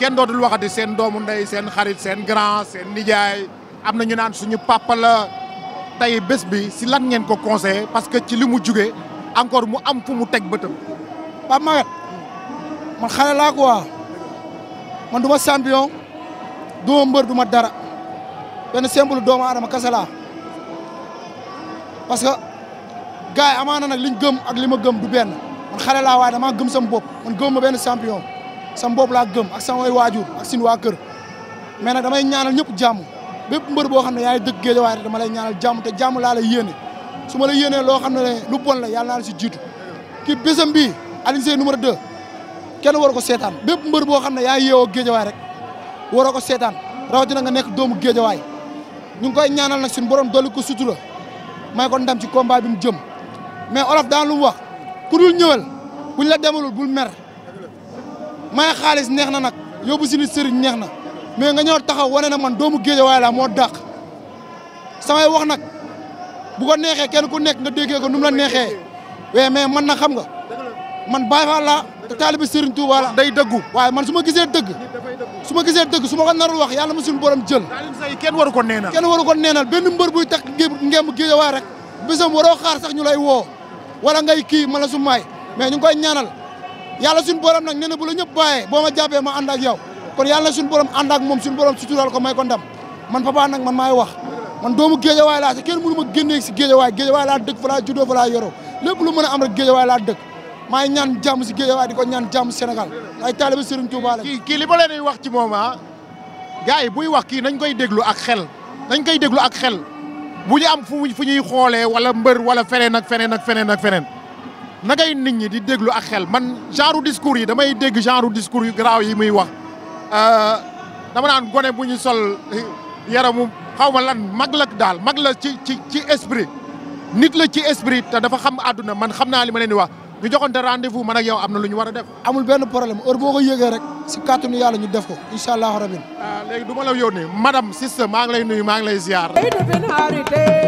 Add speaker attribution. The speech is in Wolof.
Speaker 1: kenn dootul waxati seen doomu ndey seen xarit seen grand seen nijaay am na ñu naan suñu papa la bés bi si lan ngeen ko conseillé parce que ci li mu
Speaker 2: jugee encore mu am fu mu teg bëtam. Pape Maguette man xale laa ma champion du ma mbër du dara. benn simple doom aadama kese parce que gars yi amaana nag liñ gëm ak li ma gëm du benn man xale laa waaye damaa gëm sam bopp man gëm ma benn champion sam bopp laa gëm ak samay waajur ak sin waa kër mais nag damay ñaanal ñëpp jàmm bépp mbër boo xam ne yaa ngi dëkk géejawaay te dama lay ñaanal jàmm te jàmm laa lay yéene su ma la yéenee loo xam ne lu bon la yàlla naa la si jiitu kii bésam bii Alioune Seye numéro kenn war ko seetaan bépp mbër boo xam ne yaa ngi yeewoo géejawaay rek waroo ko seetaan rawatina nga nekk doomu géejawaay ñu ngi koy ñaanal nag suñu borom dolli ko sutura may ko ndam ci combat bi mu jëm mais olof daan lu mu wax ku dul ñëwal buñ la demalul bul mer may xaalis neex na nag yóbbu si nit sëriñ neex na mais nga ñëw taxaw wane na man doomu géejawaay la moo dàq samay wax nag bu ko neexee kenn ku nekk nga déggee ko nu mu la neexee we mais man na xam nga man Baay Faal laa te taalibi Sëriñ Tuubaa la day dëggu waaye man su ma gisee dëgg suma ma gisee dëgg su ma ko narul wax yàlla ma suñu jël kenn waru ko neenal kenn waru ko neenal benn mbër buy tax ngemb géejawaay rek bisam waroo xaar sax ñu lay woo wala nga kii ma la su maay mais ñu ngi koy ñaanal yàlla suñu borom nag nee na bu la ñëpp bàyyee boo ma jàppee ma ànd ak yow kon yàlla suñu borom ànd moom suñu borom sutural ko may ko ndam man papa nag man maay wax man doomu géejawaay laa si kenn mënu ma génnee si géejawaay géejawaay laa dëkk fa laa lu mën a am rek géejawaay laa dëkk maa ngi ñaan jàmm si Guédiawaye di ko ñaan jàmm Sénégal ay taalibe Serigne kii kii li ma leen wax ci moom ah gars yi buy wax kii nañ koy déglu ak xel
Speaker 1: nañ koy déglu ak xel bu ñu am fu fu ñuy xoolee wala mbër wala feneen ak feneen ak feneen ak feneen na ngay nit ñi di déglu ak xel man genre discours yi damay dégg genre discours yi garaaw yi muy wax euh, dama naan gone bu ñu sol eh, yaramu xaw ma lan mag la daal mag la ci ci ci esprit nit la ci esprit te dafa xam àdduna man xam naa li ma leen di wax. ñu joxonte rendez-vous man ak yow am na lu ñu war a def. amul benn problème heure boo ko yëgee
Speaker 2: rek si kàttanu yàlla ñu def ko incha allahu rabin.
Speaker 1: léegi du ma la yónnee madame Cissé maa ngi lay nuyu maa ngi lay ziar.